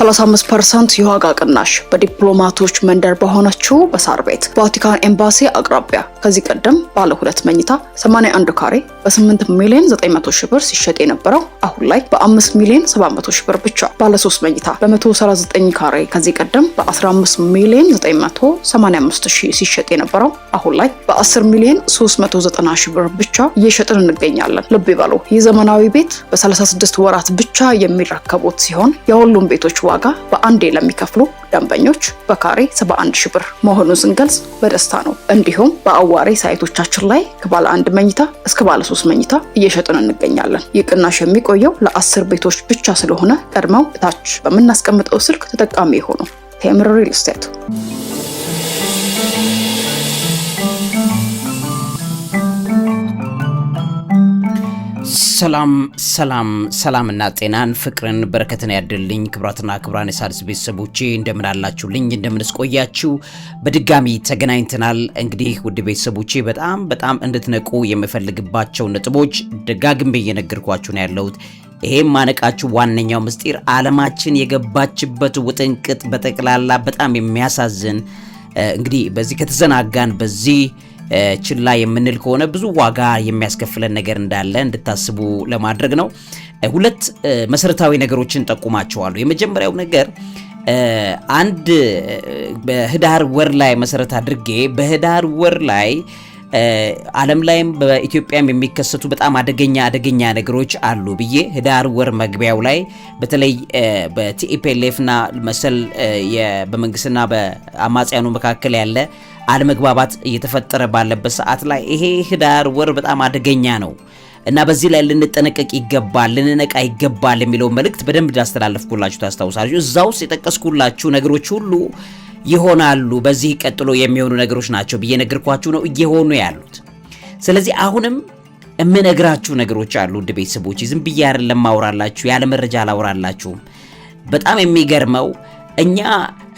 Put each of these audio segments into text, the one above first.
35 ፐርሰንት የዋጋ ቅናሽ በዲፕሎማቶች መንደር በሆነችው በሳር ቤት ቫቲካን ኤምባሲ አቅራቢያ ከዚህ ቀደም ባለ ሁለት መኝታ 81 ካሬ በ8 ሚሊዮን 900 ሺህ ብር ሲሸጥ የነበረው አሁን ላይ በ5 ሚሊዮን 700 ሺህ ብር ብቻ። ባለ 3 መኝታ በ139 ካሬ ከዚህ ቀደም በ15 ሚሊዮን 985 ሺህ ሲሸጥ የነበረው አሁን ላይ በ10 ሚሊዮን 390 ሺህ ብር ብቻ እየሸጥን እንገኛለን። ልብ ይበሉ፣ ይህ ዘመናዊ ቤት በ36 ወራት ብቻ የሚረከቡት ሲሆን የሁሉም ቤቶች ዋጋ በአንዴ ለሚከፍሉ ደንበኞች በካሬ 71 ሺ ብር መሆኑን ስንገልጽ በደስታ ነው። እንዲሁም በአዋሬ ሳይቶቻችን ላይ ከባለ አንድ መኝታ እስከ ባለ ሶስት መኝታ እየሸጥን እንገኛለን። ይህ ቅናሽ የሚቆየው ለአስር ቤቶች ብቻ ስለሆነ ቀድመው እታች በምናስቀምጠው ስልክ ተጠቃሚ የሆኑ ቴምር ሪል ስቴት ሰላም ሰላም ሰላምና ጤናን ፍቅርን በረከትን ያድልኝ። ክብራትና ክብራን የሣድስ ቤተሰቦቼ እንደምን አላችሁልኝ? በድጋሚ ተገናኝተናል። እንግዲህ ውድ ቤተሰቦቼ በጣም በጣም እንድትነቁ የምፈልግባቸው ነጥቦች ደጋግሜ እየነገርኳችሁ ነው ያለሁት። ይሄም ማነቃችሁ ዋነኛው ምስጢር ዓለማችን የገባችበት ውጥንቅጥ በጠቅላላ በጣም የሚያሳዝን እንግዲህ በዚህ ከተዘናጋን በዚህ ችላ የምንል ከሆነ ብዙ ዋጋ የሚያስከፍለን ነገር እንዳለ እንድታስቡ ለማድረግ ነው። ሁለት መሰረታዊ ነገሮችን ጠቁማቸዋሉ። የመጀመሪያው ነገር አንድ በህዳር ወር ላይ መሰረት አድርጌ በህዳር ወር ላይ ዓለም ላይም በኢትዮጵያም የሚከሰቱ በጣም አደገኛ አደገኛ ነገሮች አሉ ብዬ ህዳር ወር መግቢያው ላይ በተለይ በቲኤፒኤልኤፍና መሰል በመንግስትና በአማጽያኑ መካከል ያለ አለመግባባት እየተፈጠረ ባለበት ሰዓት ላይ ይሄ ህዳር ወር በጣም አደገኛ ነው እና በዚህ ላይ ልንጠነቀቅ ይገባል፣ ልንነቃ ይገባል የሚለው መልእክት በደንብ እንዳስተላለፍኩላችሁ ታስታውሳለች። እዛ ውስጥ የጠቀስኩላችሁ ነገሮች ሁሉ ይሆናሉ። በዚህ ቀጥሎ የሚሆኑ ነገሮች ናቸው ብዬ ነገርኳችሁ ነው እየሆኑ ያሉት። ስለዚህ አሁንም የምነግራችሁ ነገሮች አሉ። ውድ ቤተሰቦች ዝም ብዬ አይደለም ማውራላችሁ፣ ያለ መረጃ አላውራላችሁም። በጣም የሚገርመው እኛ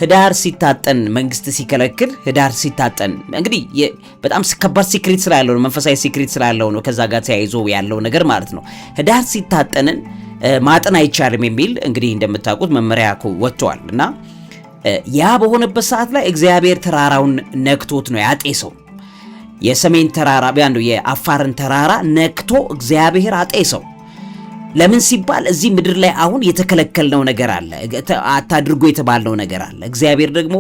ህዳር ሲታጠን መንግስት ሲከለክል ህዳር ሲታጠን እንግዲህ በጣም ከባድ ሲክሪት ስላለው ነው፣ መንፈሳዊ ሲክሪት ስላለው ነው። ከዛ ጋር ተያይዞ ያለው ነገር ማለት ነው። ህዳር ሲታጠንን ማጠን አይቻልም የሚል እንግዲህ እንደምታውቁት መመሪያ ወጥተዋል እና ያ በሆነበት ሰዓት ላይ እግዚአብሔር ተራራውን ነክቶት ነው ያጤሰው። የሰሜን ተራራ ቢያንዱ የአፋርን ተራራ ነክቶ እግዚአብሔር አጤሰው። ለምን ሲባል እዚህ ምድር ላይ አሁን የተከለከልነው ነገር አለ፣ አታድርጎ የተባልነው ነገር አለ። እግዚአብሔር ደግሞ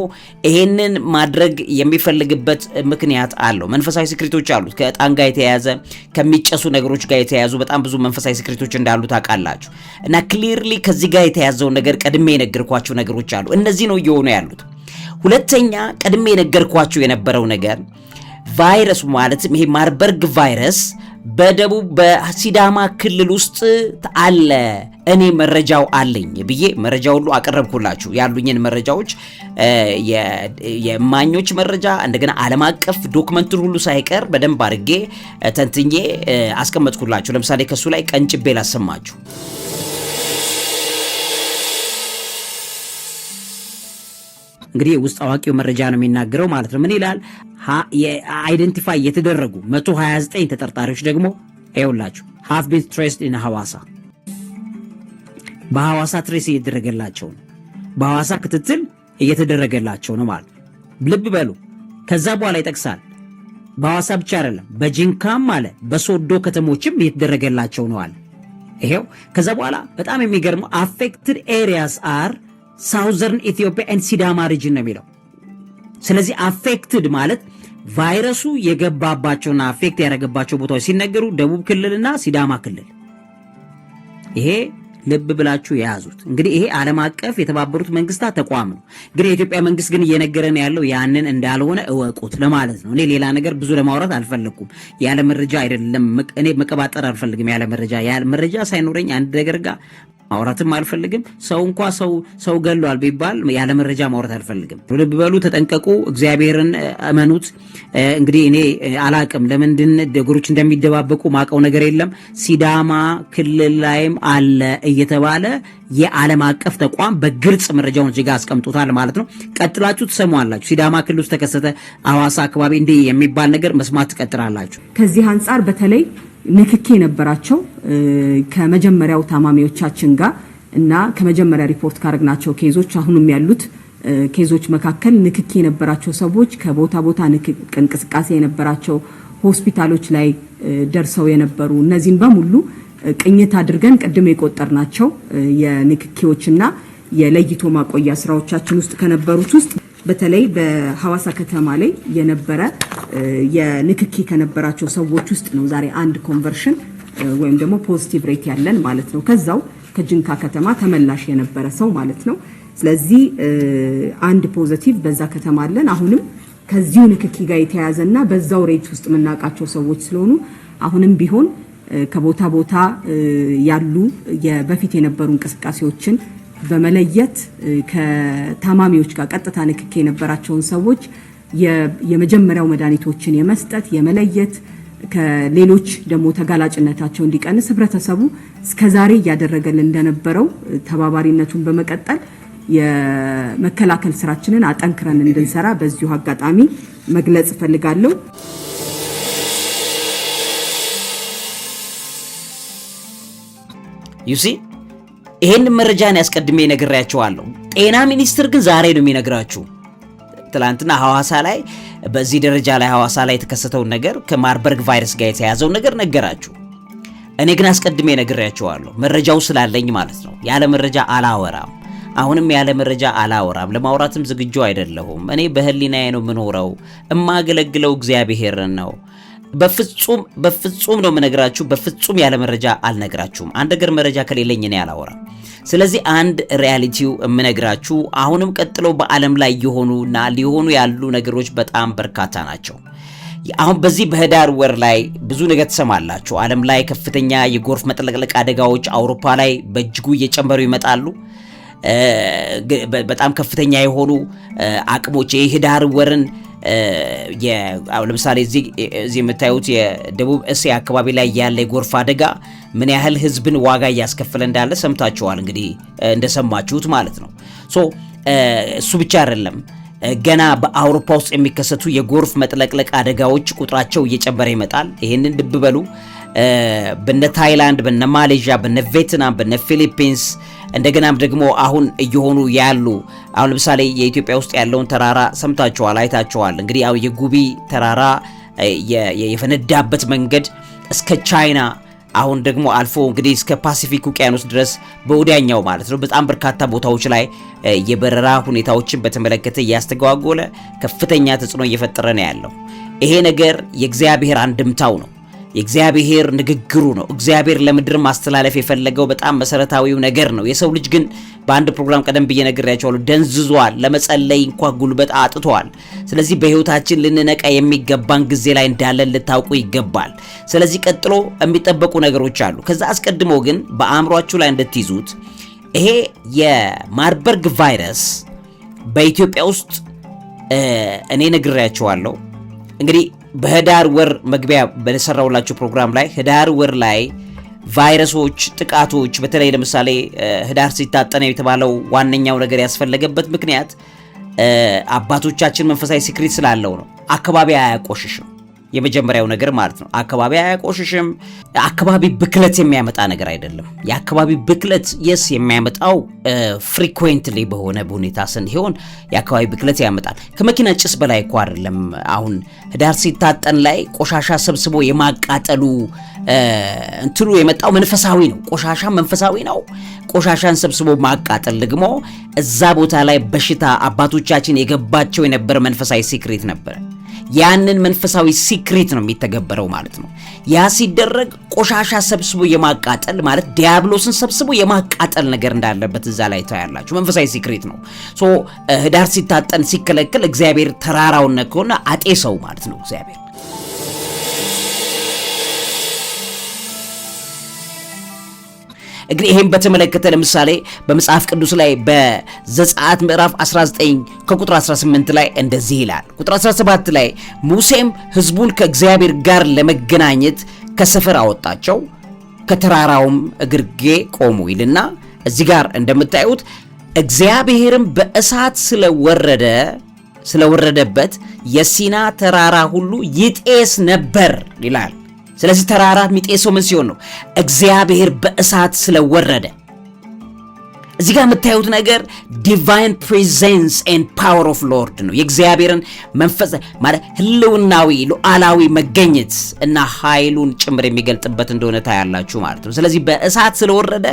ይሄንን ማድረግ የሚፈልግበት ምክንያት አለው። መንፈሳዊ ስክሪቶች አሉት። ከእጣን ጋር የተያያዘ ከሚጨሱ ነገሮች ጋር የተያያዙ በጣም ብዙ መንፈሳዊ ስክሪቶች እንዳሉ ታውቃላችሁ። እና ክሊርሊ ከዚህ ጋር የተያዘውን ነገር ቀድሜ የነገርኳቸው ነገሮች አሉ። እነዚህ ነው እየሆኑ ያሉት። ሁለተኛ ቀድሜ የነገርኳቸው የነበረው ነገር ቫይረሱ ማለትም ይሄ ማርበርግ ቫይረስ በደቡብ በሲዳማ ክልል ውስጥ አለ። እኔ መረጃው አለኝ ብዬ መረጃ ሁሉ አቀረብኩላችሁ። ያሉኝን መረጃዎች የእማኞች መረጃ እንደገና ዓለም አቀፍ ዶክመንትን ሁሉ ሳይቀር በደንብ አድርጌ ተንትኜ አስቀመጥኩላችሁ። ለምሳሌ ከሱ ላይ ቀንጭቤ ላሰማችሁ። እንግዲህ ውስጥ አዋቂው መረጃ ነው የሚናገረው ማለት ነው። ምን ይላል? አይደንቲፋይ የተደረጉ 129 ተጠርጣሪዎች ደግሞ ይውላችሁ ሃቭ ቢን ትሬስድ ኢን ሐዋሳ በሐዋሳ ትሬስ እየተደረገላቸው ነው። በሐዋሳ ክትትል እየተደረገላቸው ነው ማለት ልብ በሉ። ከዛ በኋላ ይጠቅሳል በሐዋሳ ብቻ አይደለም በጂንካም አለ በሶዶ ከተሞችም እየተደረገላቸው ነው አለ። ይሄው ከዛ በኋላ በጣም የሚገርመው አፌክትድ ኤሪያስ አር ሳውዘርን ኢትዮጵያ ኤንድ ሲዳማ ሪጅን ነው የሚለው። ስለዚህ አፌክትድ ማለት ቫይረሱ የገባባቸውና አፌክት ያደረገባቸው ቦታዎች ሲነገሩ ደቡብ ክልልና ሲዳማ ክልል ይሄ ልብ ብላችሁ የያዙት እንግዲህ ይሄ ዓለም አቀፍ የተባበሩት መንግስታት ተቋም ነው። እንግዲህ የኢትዮጵያ መንግስት ግን እየነገረን ያለው ያንን እንዳልሆነ እወቁት ለማለት ነው። እኔ ሌላ ነገር ብዙ ለማውራት አልፈለግኩም። ያለ መረጃ አይደለም። እኔ መቀባጠር አልፈልግም። ያለ መረጃ ያለ መረጃ ሳይኖረኝ አንድ ነገር ጋር ማውራትም አልፈልግም። ሰው እንኳ ሰው ሰው ገሏል ቢባል ያለ መረጃ ማውራት አልፈልግም። ልብ በሉ፣ ተጠንቀቁ፣ እግዚአብሔርን እመኑት። እንግዲህ እኔ አላቅም ለምንድን ነገሮች እንደሚደባበቁ ማቀው ነገር የለም። ሲዳማ ክልል ላይም አለ እየተባለ የዓለም አቀፍ ተቋም በግልጽ መረጃውን እጅጋ አስቀምጦታል ማለት ነው። ቀጥላችሁ ትሰማላችሁ። ሲዳማ ክልል ውስጥ ተከሰተ፣ አዋሳ አካባቢ እንዲህ የሚባል ነገር መስማት ትቀጥላላችሁ። ከዚህ አንጻር በተለይ ንክኪ የነበራቸው ከመጀመሪያው ታማሚዎቻችን ጋር እና ከመጀመሪያ ሪፖርት ካረግናቸው ኬዞች አሁንም ያሉት ኬዞች መካከል ንክኪ የነበራቸው ሰዎች ከቦታ ቦታ እንቅስቃሴ የነበራቸው ሆስፒታሎች ላይ ደርሰው የነበሩ እነዚህን በሙሉ ቅኝት አድርገን ቅድም የቆጠርናቸው የንክኪዎችና የለይቶ ማቆያ ስራዎቻችን ውስጥ ከነበሩት ውስጥ በተለይ በሐዋሳ ከተማ ላይ የነበረ የንክኪ ከነበራቸው ሰዎች ውስጥ ነው ዛሬ አንድ ኮንቨርሽን ወይም ደግሞ ፖዚቲቭ ሬት ያለን ማለት ነው። ከዛው ከጅንካ ከተማ ተመላሽ የነበረ ሰው ማለት ነው። ስለዚህ አንድ ፖዘቲቭ በዛ ከተማ አለን። አሁንም ከዚሁ ንክኪ ጋር የተያያዘና በዛው ሬት ውስጥ የምናውቃቸው ሰዎች ስለሆኑ አሁንም ቢሆን ከቦታ ቦታ ያሉ በፊት የነበሩ እንቅስቃሴዎችን በመለየት ከታማሚዎች ጋር ቀጥታ ንክክ የነበራቸውን ሰዎች የመጀመሪያው መድኃኒቶችን የመስጠት የመለየት ከሌሎች ደግሞ ተጋላጭነታቸው እንዲቀንስ ህብረተሰቡ እስከዛሬ እያደረገልን እንደነበረው ተባባሪነቱን በመቀጠል የመከላከል ስራችንን አጠንክረን እንድንሰራ በዚሁ አጋጣሚ መግለጽ እፈልጋለሁ። ዩሲ ይሄን መረጃን ያስቀድሜ ነግሬያቸዋለሁ። ጤና ሚኒስትር ግን ዛሬ ነው የሚነግራችሁ። ትላንትና ሐዋሳ ላይ በዚህ ደረጃ ላይ ሐዋሳ ላይ የተከሰተውን ነገር ከማርበርግ ቫይረስ ጋር የተያዘውን ነገር ነገራችሁ። እኔ ግን አስቀድሜ ነግሬያቸዋለሁ፣ መረጃው ስላለኝ ማለት ነው። ያለ መረጃ አላወራም። አሁንም ያለ መረጃ አላወራም። ለማውራትም ዝግጁ አይደለሁም። እኔ በህሊናዬ ነው የምኖረው። እማገለግለው እግዚአብሔርን ነው። በፍጹም በፍጹም ነው የምነግራችሁ። በፍጹም ያለ መረጃ አልነግራችሁም። አንድ ነገር መረጃ ከሌለኝ እኔ አላወራም። ስለዚህ አንድ ሪያሊቲው የምነግራችሁ አሁንም ቀጥሎ በዓለም ላይ የሆኑና ሊሆኑ ያሉ ነገሮች በጣም በርካታ ናቸው። አሁን በዚህ በህዳር ወር ላይ ብዙ ነገር ትሰማላችሁ። ዓለም ላይ ከፍተኛ የጎርፍ መጥለቅለቅ አደጋዎች አውሮፓ ላይ በእጅጉ እየጨመሩ ይመጣሉ። በጣም ከፍተኛ የሆኑ አቅሞች የህዳር ወርን ለምሳሌ እዚህ የምታዩት የደቡብ እስያ አካባቢ ላይ ያለ የጎርፍ አደጋ ምን ያህል ህዝብን ዋጋ እያስከፈለ እንዳለ ሰምታችኋል። እንግዲህ እንደሰማችሁት ማለት ነው። ሶ እሱ ብቻ አይደለም። ገና በአውሮፓ ውስጥ የሚከሰቱ የጎርፍ መጥለቅለቅ አደጋዎች ቁጥራቸው እየጨመረ ይመጣል። ይህንን ልብ በሉ። በነ ታይላንድ፣ በነ ማሌዥያ፣ በነ ቬትናም፣ በነ ፊሊፒንስ እንደገናም ደግሞ አሁን እየሆኑ ያሉ አሁን ለምሳሌ የኢትዮጵያ ውስጥ ያለውን ተራራ ሰምታችኋል፣ አይታችኋል። እንግዲህ ያው የጉቢ ተራራ የፈነዳበት መንገድ እስከ ቻይና አሁን ደግሞ አልፎ እንግዲህ እስከ ፓሲፊክ ውቅያኖስ ድረስ በወዲያኛው ማለት ነው። በጣም በርካታ ቦታዎች ላይ የበረራ ሁኔታዎችን በተመለከተ እያስተጓጎለ ከፍተኛ ተጽዕኖ እየፈጠረ ነው ያለው። ይሄ ነገር የእግዚአብሔር አንድምታው ነው። የእግዚአብሔር ንግግሩ ነው። እግዚአብሔር ለምድር ማስተላለፍ የፈለገው በጣም መሰረታዊው ነገር ነው። የሰው ልጅ ግን በአንድ ፕሮግራም ቀደም ብዬ ነግሬያቸዋለሁ፣ ደንዝዟል። ለመጸለይ እንኳ ጉልበት አጥቷል። ስለዚህ በህይወታችን ልንነቃ የሚገባን ጊዜ ላይ እንዳለን ልታውቁ ይገባል። ስለዚህ ቀጥሎ የሚጠበቁ ነገሮች አሉ። ከዛ አስቀድሞ ግን በአእምሯችሁ ላይ እንድትይዙት ይሄ የማርበርግ ቫይረስ በኢትዮጵያ ውስጥ እኔ ነግሬያቸዋለሁ እንግዲህ በህዳር ወር መግቢያ በሰራውላቸው ፕሮግራም ላይ ህዳር ወር ላይ ቫይረሶች፣ ጥቃቶች በተለይ ለምሳሌ ህዳር ሲታጠነ የተባለው ዋነኛው ነገር ያስፈለገበት ምክንያት አባቶቻችን መንፈሳዊ ሲክሪት ስላለው ነው። አካባቢ አያቆሽሽም። የመጀመሪያው ነገር ማለት ነው። አካባቢ አያቆሽሽም። አካባቢ ብክለት የሚያመጣ ነገር አይደለም። የአካባቢ ብክለት የስ የሚያመጣው ፍሪኩዌንትሊ በሆነ ሁኔታ ስንሆን የአካባቢ ብክለት ያመጣል። ከመኪና ጭስ በላይ እኮ አይደለም። አሁን ህዳር ሲታጠን ላይ ቆሻሻ ሰብስቦ የማቃጠሉ እንትኑ የመጣው መንፈሳዊ ነው። ቆሻሻ መንፈሳዊ ነው። ቆሻሻን ሰብስቦ ማቃጠል ደግሞ እዛ ቦታ ላይ በሽታ አባቶቻችን የገባቸው የነበረ መንፈሳዊ ሲክሬት ነበረ። ያንን መንፈሳዊ ሲክሪት ነው የሚተገበረው ማለት ነው። ያ ሲደረግ ቆሻሻ ሰብስቦ የማቃጠል ማለት ዲያብሎስን ሰብስቦ የማቃጠል ነገር እንዳለበት እዛ ላይ ታያላችሁ። መንፈሳዊ ሲክሪት ነው። ሶ ህዳር ሲታጠን ሲከለከል እግዚአብሔር ተራራውን አጤ ሰው ማለት ነው እግዚአብሔር እንግዲህ ይሄን በተመለከተ ለምሳሌ በመጽሐፍ ቅዱስ ላይ በዘጸአት ምዕራፍ 19 ከቁጥር 18 ላይ እንደዚህ ይላል። ቁጥር 17 ላይ ሙሴም ህዝቡን ከእግዚአብሔር ጋር ለመገናኘት ከሰፈር አወጣቸው፣ ከተራራውም እግርጌ ቆሙ ይልና እዚህ ጋር እንደምታዩት እግዚአብሔርም በእሳት ስለወረደ ስለወረደበት የሲና ተራራ ሁሉ ይጤስ ነበር ይላል። ስለዚህ ተራራ የሚጤሰው ምን ሲሆን ነው? እግዚአብሔር በእሳት ስለወረደ። እዚህ ጋር የምታዩት ነገር ዲቫይን ፕሬዘንስ ኤንድ ፓወር ኦፍ ሎርድ ነው። የእግዚአብሔርን መንፈስ ማለት ህልውናዊ ሉዓላዊ መገኘት እና ኃይሉን ጭምር የሚገልጥበት እንደሆነ ታያላችሁ ማለት ነው። ስለዚህ በእሳት ስለወረደ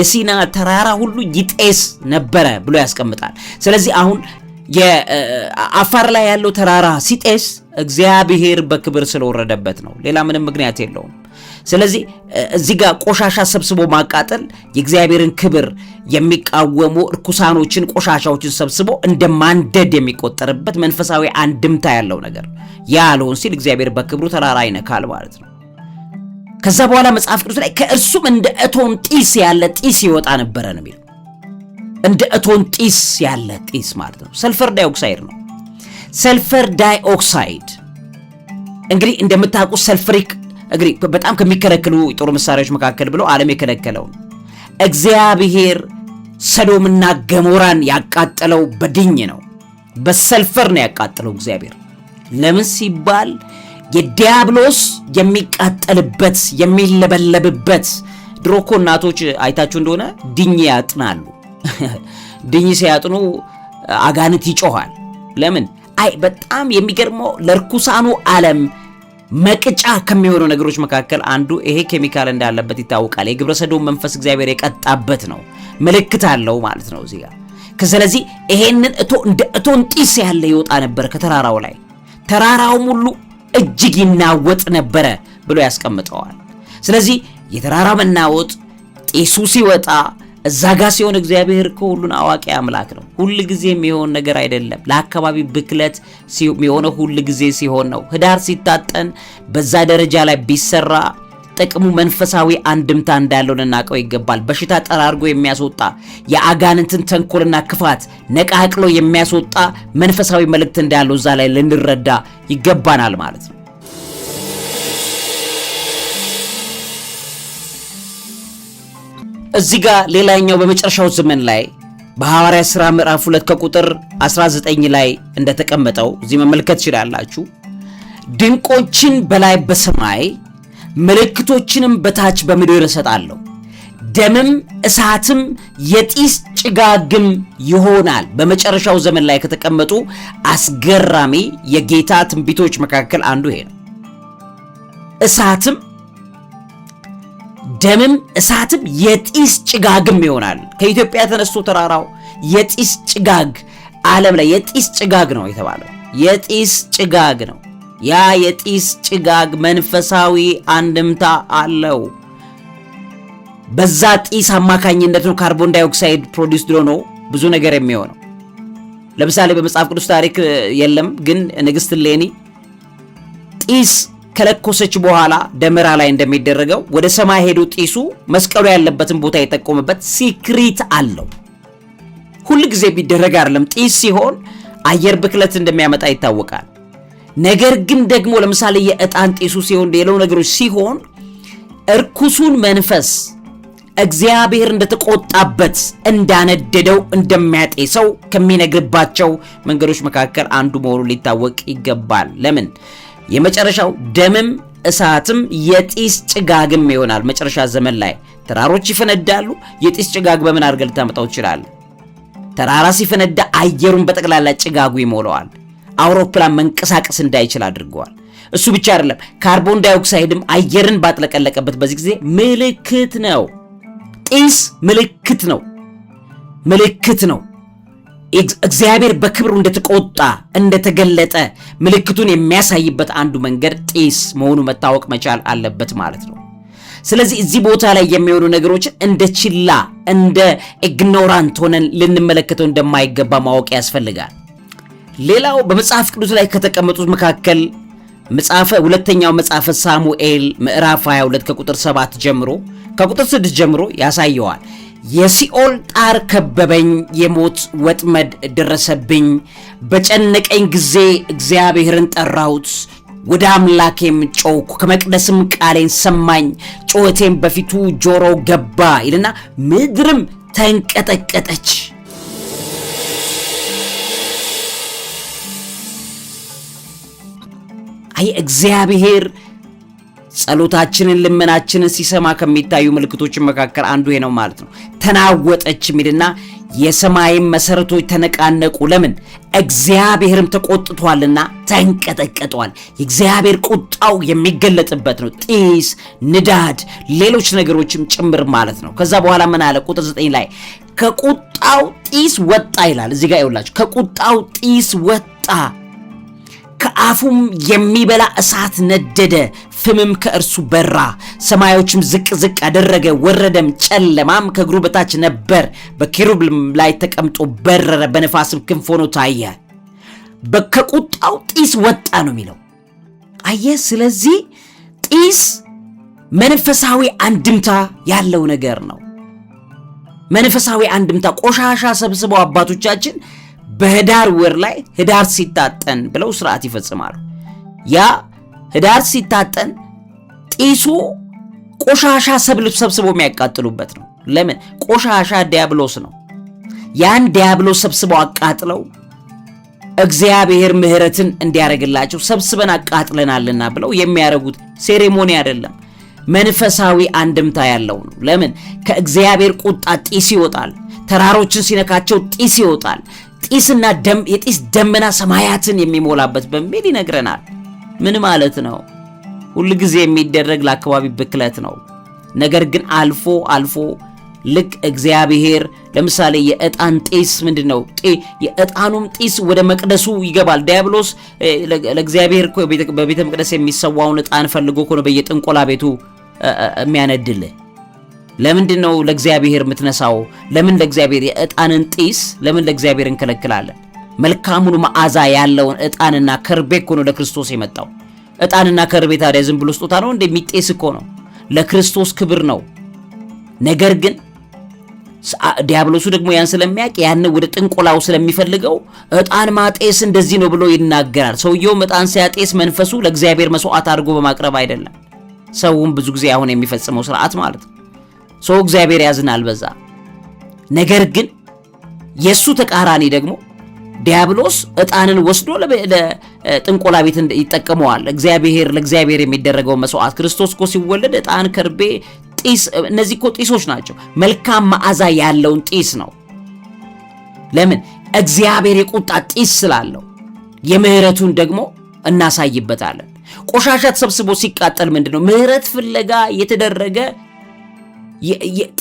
የሲና ተራራ ሁሉ ይጤስ ነበረ ብሎ ያስቀምጣል። ስለዚህ አሁን የአፋር ላይ ያለው ተራራ ሲጤስ እግዚአብሔር በክብር ስለወረደበት ነው። ሌላ ምንም ምክንያት የለውም። ስለዚህ እዚህ ጋር ቆሻሻ ሰብስቦ ማቃጠል የእግዚአብሔርን ክብር የሚቃወሙ እርኩሳኖችን፣ ቆሻሻዎችን ሰብስቦ እንደ ማንደድ የሚቆጠርበት መንፈሳዊ አንድምታ ያለው ነገር ያለውን ሲል እግዚአብሔር በክብሩ ተራራ ይነካል ማለት ነው። ከዛ በኋላ መጽሐፍ ቅዱስ ላይ ከእርሱም እንደ እቶን ጢስ ያለ ጢስ ይወጣ ነበረ ነው የሚለው እንደ እቶን ጢስ ያለ ጢስ ማለት ነው። ሰልፈር ዳይኦክሳይድ ነው። ሰልፈር ዳይኦክሳይድ እንግዲህ እንደምታውቁ ሰልፍሪክ እንግዲህ በጣም ከሚከለከሉ የጦር መሳሪያዎች መካከል ብሎ ዓለም የከለከለው ነው። እግዚአብሔር ሰዶምና ገሞራን ያቃጠለው በድኝ ነው፣ በሰልፈር ነው ያቃጠለው እግዚአብሔር። ለምን ሲባል የዲያብሎስ የሚቃጠልበት የሚለበለብበት ድሮ እኮ እናቶች አይታችሁ እንደሆነ ድኝ ያጥናሉ ድኝ ሲያጥኑ አጋንት ይጮኋል። ለምን አይ በጣም የሚገርመው ለርኩሳኑ ዓለም መቅጫ ከሚሆኑ ነገሮች መካከል አንዱ ይሄ ኬሚካል እንዳለበት ይታወቃል። የግብረ መንፈስ እግዚአብሔር የቀጣበት ነው፣ ምልክት አለው ማለት ነው እዚህ ጋር። ስለዚህ ይሄንን እንደ እቶን ጢስ ያለ ይወጣ ነበር ከተራራው ላይ ተራራውም ሁሉ እጅግ ይናወጥ ነበረ ብሎ ያስቀምጠዋል። ስለዚህ የተራራ መናወጥ ጢሱ ሲወጣ እዛ ጋ ሲሆን እግዚአብሔር እኮ ሁሉን አዋቂ አምላክ ነው። ሁል ጊዜ የሚሆን ነገር አይደለም። ለአካባቢ ብክለት የሚሆነው ሁል ጊዜ ሲሆን ነው። ህዳር ሲታጠን በዛ ደረጃ ላይ ቢሰራ ጥቅሙ መንፈሳዊ አንድምታ እንዳለው ልናውቀው ይገባል። በሽታ ጠራርጎ የሚያስወጣ የአጋንንትን ተንኮልና ክፋት ነቃቅሎ የሚያስወጣ መንፈሳዊ መልእክት እንዳለው እዛ ላይ ልንረዳ ይገባናል ማለት ነው። እዚህ ጋር ሌላኛው በመጨረሻው ዘመን ላይ በሐዋርያ ሥራ ምዕራፍ 2 ከቁጥር 19 ላይ እንደተቀመጠው እዚህ መመልከት ትችላላችሁ። ድንቆችን በላይ በሰማይ ምልክቶችንም በታች በምድር እሰጣለሁ፣ ደምም እሳትም የጢስ ጭጋግም ይሆናል። በመጨረሻው ዘመን ላይ ከተቀመጡ አስገራሚ የጌታ ትንቢቶች መካከል አንዱ ይሄ ነው። እሳትም ደምም እሳትም የጢስ ጭጋግም ይሆናል። ከኢትዮጵያ ተነስቶ ተራራው የጢስ ጭጋግ ዓለም ላይ የጢስ ጭጋግ ነው የተባለው የጢስ ጭጋግ ነው። ያ የጢስ ጭጋግ መንፈሳዊ አንድምታ አለው። በዛ ጢስ አማካኝነት ነው ካርቦን ዳይኦክሳይድ ፕሮዲስ ድሮ ነው ብዙ ነገር የሚሆነው። ለምሳሌ በመጽሐፍ ቅዱስ ታሪክ የለም፣ ግን ንግሥት ሌኒ ጢስ ከለኮሰች በኋላ ደመራ ላይ እንደሚደረገው ወደ ሰማይ ሄዶ ጢሱ መስቀሉ ያለበትን ቦታ የጠቆመበት ሲክሪት አለው። ሁል ጊዜ ቢደረግ አይደለም። ጢስ ሲሆን አየር ብክለት እንደሚያመጣ ይታወቃል። ነገር ግን ደግሞ ለምሳሌ የእጣን ጢሱ ሲሆን፣ ሌላው ነገሮች ሲሆን እርኩሱን መንፈስ እግዚአብሔር እንደተቆጣበት እንዳነደደው እንደሚያጤሰው ከሚነግርባቸው መንገዶች መካከል አንዱ መሆኑን ሊታወቅ ይገባል። ለምን የመጨረሻው ደምም እሳትም የጢስ ጭጋግም ይሆናል። መጨረሻ ዘመን ላይ ተራሮች ይፈነዳሉ። የጢስ ጭጋግ በምን አድርገህ ልታመጣው ይችላል? ተራራ ሲፈነዳ አየሩን በጠቅላላ ጭጋጉ ይሞላዋል። አውሮፕላን መንቀሳቀስ እንዳይችል አድርገዋል። እሱ ብቻ አይደለም፣ ካርቦን ዳይኦክሳይድም አየርን ባጥለቀለቀበት በዚህ ጊዜ ምልክት ነው። ጢስ ምልክት ነው፣ ምልክት ነው። እግዚአብሔር በክብሩ እንደተቆጣ እንደተገለጠ ምልክቱን የሚያሳይበት አንዱ መንገድ ጢስ መሆኑ መታወቅ መቻል አለበት ማለት ነው። ስለዚህ እዚህ ቦታ ላይ የሚሆኑ ነገሮችን እንደ ችላ እንደ ኢግኖራንት ሆነን ልንመለከተው እንደማይገባ ማወቅ ያስፈልጋል። ሌላው በመጽሐፍ ቅዱስ ላይ ከተቀመጡት መካከል መጽሐፈ ሁለተኛው መጽሐፈ ሳሙኤል ምዕራፍ 22 ከቁጥር 7 ጀምሮ ከቁጥር 6 ጀምሮ ያሳየዋል። የሲኦል ጣር ከበበኝ፣ የሞት ወጥመድ ደረሰብኝ። በጨነቀኝ ጊዜ እግዚአብሔርን ጠራሁት፣ ወደ አምላኬም ጮኩ፣ ከመቅደስም ቃሌን ሰማኝ፣ ጩኸቴም በፊቱ ጆሮ ገባ ይልና ምድርም ተንቀጠቀጠች። አይ እግዚአብሔር ጸሎታችንን ልመናችንን ሲሰማ ከሚታዩ ምልክቶች መካከል አንዱ ይሄ ነው ማለት ነው። ተናወጠች የሚልና የሰማይም መሰረቶች ተነቃነቁ። ለምን? እግዚአብሔርም ተቆጥቷልና ተንቀጠቀጧል። የእግዚአብሔር ቁጣው የሚገለጥበት ነው። ጢስ፣ ንዳድ፣ ሌሎች ነገሮችም ጭምር ማለት ነው። ከዛ በኋላ ምን አለ? ቁጥር 9 ላይ ከቁጣው ጢስ ወጣ ይላል። እዚህ ጋር ይውላችሁ ከቁጣው ጢስ ወጣ ከአፉም የሚበላ እሳት ነደደ፣ ፍምም ከእርሱ በራ፣ ሰማዮችም ዝቅ ዝቅ አደረገ፣ ወረደም፣ ጨለማም ከእግሩ በታች ነበር። በኪሩብልም ላይ ተቀምጦ በረረ፣ በነፋስም ክንፍ ሆኖ ታየ። ከቁጣው ጢስ ወጣ ነው የሚለው አየ። ስለዚህ ጢስ መንፈሳዊ አንድምታ ያለው ነገር ነው። መንፈሳዊ አንድምታ ቆሻሻ ሰብስበው አባቶቻችን በህዳር ወር ላይ ህዳር ሲታጠን ብለው ስርዓት ይፈጽማሉ። ያ ህዳር ሲታጠን ጢሱ ቆሻሻ ሰብል ሰብስቦ የሚያቃጥሉበት ነው። ለምን? ቆሻሻ ዲያብሎስ ነው። ያን ዲያብሎስ ሰብስበው አቃጥለው እግዚአብሔር ምሕረትን እንዲያደርግላቸው ሰብስበን አቃጥለናልና ብለው የሚያደርጉት ሴሬሞኒ አይደለም፣ መንፈሳዊ አንድምታ ያለው ነው። ለምን? ከእግዚአብሔር ቁጣ ጢስ ይወጣል። ተራሮችን ሲነካቸው ጢስ ይወጣል። ጢስና የጢስ ደመና ሰማያትን የሚሞላበት በሚል ይነግረናል። ምን ማለት ነው? ሁል ጊዜ የሚደረግ ለአካባቢ ብክለት ነው። ነገር ግን አልፎ አልፎ ልክ እግዚአብሔር ለምሳሌ የእጣን ጢስ ምንድን ነው? የእጣኑም ጢስ ወደ መቅደሱ ይገባል። ዲያብሎስ ለእግዚአብሔር በቤተ መቅደስ የሚሰዋውን እጣን ፈልጎ ነው በየጥንቆላ ቤቱ የሚያነድል ለምንድን ነው ለእግዚአብሔር የምትነሳው? ለምን ለእግዚአብሔር የእጣንን ጢስ ለምን ለእግዚአብሔር እንከለክላለን? መልካሙን መዓዛ ያለውን እጣንና ከርቤ እኮ ነው ለክርስቶስ የመጣው። እጣንና ከርቤ ታዲያ ዝም ብሎ ስጦታ ነው እንደሚጤስ እኮ ነው። ለክርስቶስ ክብር ነው። ነገር ግን ዲያብሎሱ ደግሞ ያን ስለሚያውቅ ያን ወደ ጥንቆላው ስለሚፈልገው እጣን ማጤስ እንደዚህ ነው ብሎ ይናገራል። ሰውየውም ዕጣን ሲያጤስ መንፈሱ ለእግዚአብሔር መስዋዕት አድርጎ በማቅረብ አይደለም። ሰውም ብዙ ጊዜ አሁን የሚፈጽመው ስርዓት ማለት ነው። ሰው እግዚአብሔር ያዝናል በዛ። ነገር ግን የእሱ ተቃራኒ ደግሞ ዲያብሎስ እጣንን ወስዶ ለጥንቆላ ቤት ይጠቀመዋል። እግዚአብሔር ለእግዚአብሔር የሚደረገው መስዋዕት ክርስቶስ እኮ ሲወለድ እጣን፣ ከርቤ፣ ጢስ እነዚህ እኮ ጢሶች ናቸው። መልካም መዓዛ ያለውን ጢስ ነው። ለምን? እግዚአብሔር የቁጣ ጢስ ስላለው የምህረቱን ደግሞ እናሳይበታለን። ቆሻሻ ተሰብስቦ ሲቃጠል ምንድን ነው? ምህረት ፍለጋ የተደረገ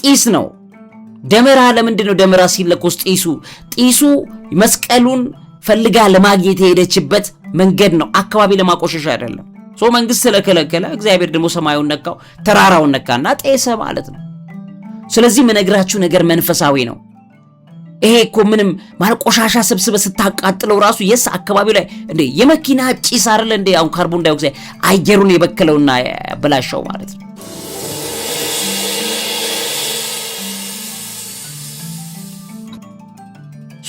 ጢስ ነው። ደመራ ለምንድን ነው ደመራ ሲለኮስ ጢሱ ጢሱ መስቀሉን ፈልጋ ለማግኘት የሄደችበት መንገድ ነው። አካባቢ ለማቆሸሽ አይደለም። ሶ መንግስት ስለከለከለ እግዚአብሔር ደግሞ ሰማዩን ነካው፣ ተራራውን ነካና ጤሰ ማለት ነው። ስለዚህ የምነግራችሁ ነገር መንፈሳዊ ነው። ይሄ እኮ ምንም ማለት ቆሻሻ ስብስበ ስታቃጥለው ራሱ የስ አካባቢው ላይ እንዴ የመኪና ጭስ አይደለ እንዴ አሁን ካርቦን ዳይኦክሳይድ አየሩን የበከለውና ያበላሸው ማለት ነው።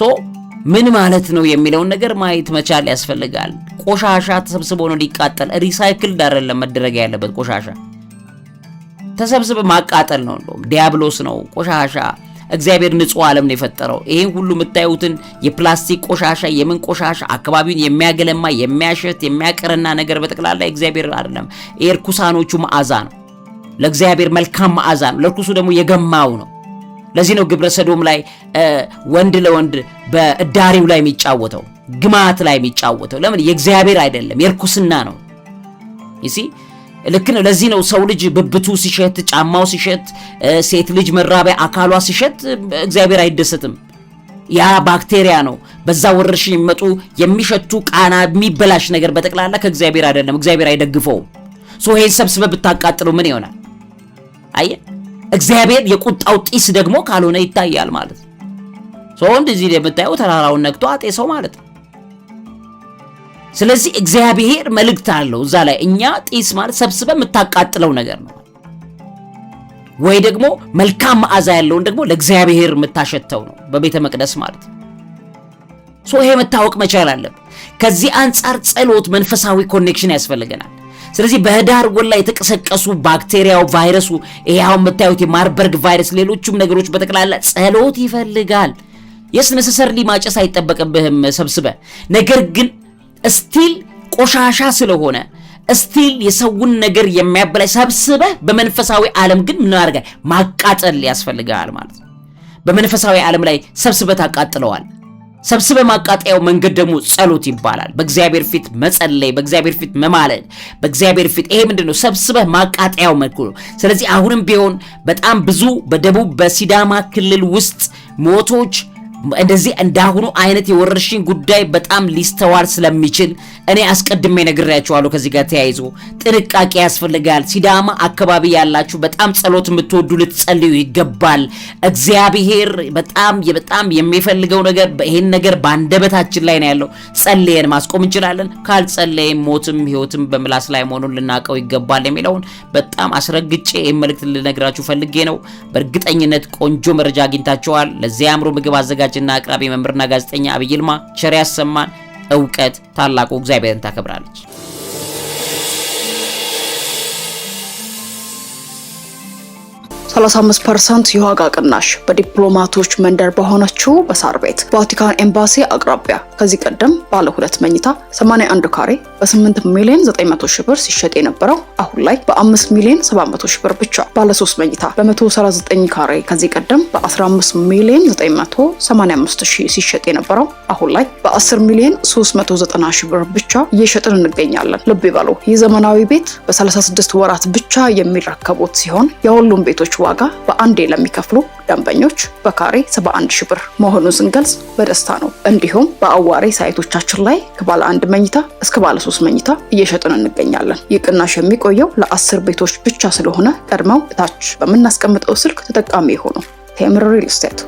ሶ ምን ማለት ነው የሚለውን ነገር ማየት መቻል ያስፈልጋል። ቆሻሻ ተሰብስቦ ነው ሊቃጠል፣ ሪሳይክል አይደለም መደረግ ያለበት። ቆሻሻ ተሰብስበ ማቃጠል ነው፣ እንደውም ዲያብሎስ ነው ቆሻሻ። እግዚአብሔር ንጹህ ዓለም ነው የፈጠረው። ይህን ሁሉ የምታዩትን የፕላስቲክ ቆሻሻ፣ የምን ቆሻሻ አካባቢውን የሚያገለማ የሚያሸት የሚያቀረና ነገር በጠቅላላ እግዚአብሔር አይደለም። ይህ መዓዛ ነው፣ ለእግዚአብሔር መልካም መዓዛ ነው፣ ለርኩሱ ደግሞ የገማው ነው። ለዚህ ነው ግብረ ሰዶም ላይ ወንድ ለወንድ በእዳሪው ላይ የሚጫወተው ግማት ላይ የሚጫወተው። ለምን? የእግዚአብሔር አይደለም የርኩስና ነው። ይሲ ልክ ነው። ለዚህ ነው ሰው ልጅ ብብቱ ሲሸት፣ ጫማው ሲሸት፣ ሴት ልጅ መራቢያ አካሏ ሲሸት እግዚአብሔር አይደሰትም። ያ ባክቴሪያ ነው። በዛ ወረርሽኝ የሚመጡ የሚሸቱ ቃና፣ የሚበላሽ ነገር በጠቅላላ ከእግዚአብሔር አይደለም። እግዚአብሔር አይደግፈውም። ሶ ይሄን ሰብስበ ብታቃጥሉ ምን ይሆናል? አየ እግዚአብሔር የቁጣው ጢስ ደግሞ ካልሆነ ይታያል ማለት ነው። ሰው እንደዚህ የምታየው ተራራውን ነክቶ አጤ ሰው ማለት ነው። ስለዚህ እግዚአብሔር መልእክት አለው እዛ ላይ። እኛ ጢስ ማለት ሰብስበ የምታቃጥለው ነገር ነው ወይ ደግሞ መልካም መዓዛ ያለውን ደግሞ ለእግዚአብሔር የምታሸተው ነው በቤተ መቅደስ ማለት ነው። ይሄ መታወቅ መቻል አለብን። ከዚህ አንጻር ጸሎት መንፈሳዊ ኮኔክሽን ያስፈልገናል። ስለዚህ በህዳር ወር ላይ የተቀሰቀሱ ባክቴሪያው፣ ቫይረሱ ይሄው የምታዩት የማርበርግ ቫይረስ፣ ሌሎቹም ነገሮች በጠቅላላ ጸሎት ይፈልጋል። የስ ነሰሰርሊ ማጨስ አይጠበቅብህም ሰብስበ ነገር ግን እስቲል ቆሻሻ ስለሆነ እስቲል የሰውን ነገር የሚያበላሽ ሰብስበህ በመንፈሳዊ ዓለም ግን ምን አድርጋ ማቃጠል ያስፈልጋል ማለት ነው። በመንፈሳዊ ዓለም ላይ ሰብስበህ አቃጥለዋል። ሰብስበ ማቃጠያው መንገድ ደግሞ ጸሎት ይባላል። በእግዚአብሔር ፊት መጸለይ፣ በእግዚአብሔር ፊት መማለድ፣ በእግዚአብሔር ፊት ይሄ ምንድን ነው? ሰብስበህ ማቃጠያው መልኩ ነው። ስለዚህ አሁንም ቢሆን በጣም ብዙ በደቡብ በሲዳማ ክልል ውስጥ ሞቶች እንደዚህ እንዳሁኑ አይነት የወረርሽኝ ጉዳይ በጣም ሊስተዋል ስለሚችል እኔ አስቀድሜ ነግሬያችኋለሁ። ከዚህ ጋር ተያይዞ ጥንቃቄ ያስፈልጋል። ሲዳማ አካባቢ ያላችሁ በጣም ጸሎት የምትወዱ ልትጸልዩ ይገባል። እግዚአብሔር በጣም በጣም የሚፈልገው ነገር ይህን ነገር በአንደበታችን ላይ ነው ያለው። ጸልየን ማስቆም እንችላለን። ካልጸለይም ሞትም ህይወትም በምላስ ላይ መሆኑን ልናውቀው ይገባል የሚለውን በጣም አስረግጬ ይህን መልእክት ልነግራችሁ ፈልጌ ነው። በእርግጠኝነት ቆንጆ መረጃ አግኝታችኋል። ለዚያ አእምሮ ምግብ አዘጋጅ አዘጋጅና አቅራቢ መምህርና ጋዜጠኛ አብይ ይልማ ቸር ያሰማን። እውቀት ታላቁ እግዚአብሔርን ታከብራለች። 35 ፐርሰንት የዋጋ ቅናሽ በዲፕሎማቶች መንደር በሆነችው በሳር ቤት ቫቲካን ኤምባሲ አቅራቢያ ከዚህ ቀደም ባለ ሁለት መኝታ 81 ካሬ በ8 ሚሊዮን 900 ሺህ ብር ሲሸጥ የነበረው አሁን ላይ በ5 ሚሊዮን 700 ሺህ ብር ብቻ ባለ 3 መኝታ በ139 ካሬ ከዚህ ቀደም በ15 ሚሊዮን 985 ሺህ ሲሸጥ የነበረው አሁን ላይ በ10 ሚሊዮን 390 ሺህ ብር ብቻ እየሸጥን እንገኛለን። ልብ ይበሉ፣ ይህ ዘመናዊ ቤት በ36 ወራት ብቻ የሚረከቡት ሲሆን የሁሉም ቤቶች ዋጋ በአንዴ ለሚከፍሉ ደንበኞች በካሬ 71 ሺ ብር መሆኑን ስንገልጽ በደስታ ነው። እንዲሁም በአዋሬ ሳይቶቻችን ላይ ከባለ አንድ መኝታ እስከ ባለ ሶስት መኝታ እየሸጥን እንገኛለን። ይህ ቅናሽ የሚቆየው ለአስር ቤቶች ብቻ ስለሆነ ቀድመው እታች በምናስቀምጠው ስልክ ተጠቃሚ የሆኑ ቴምር ሪል ስቴት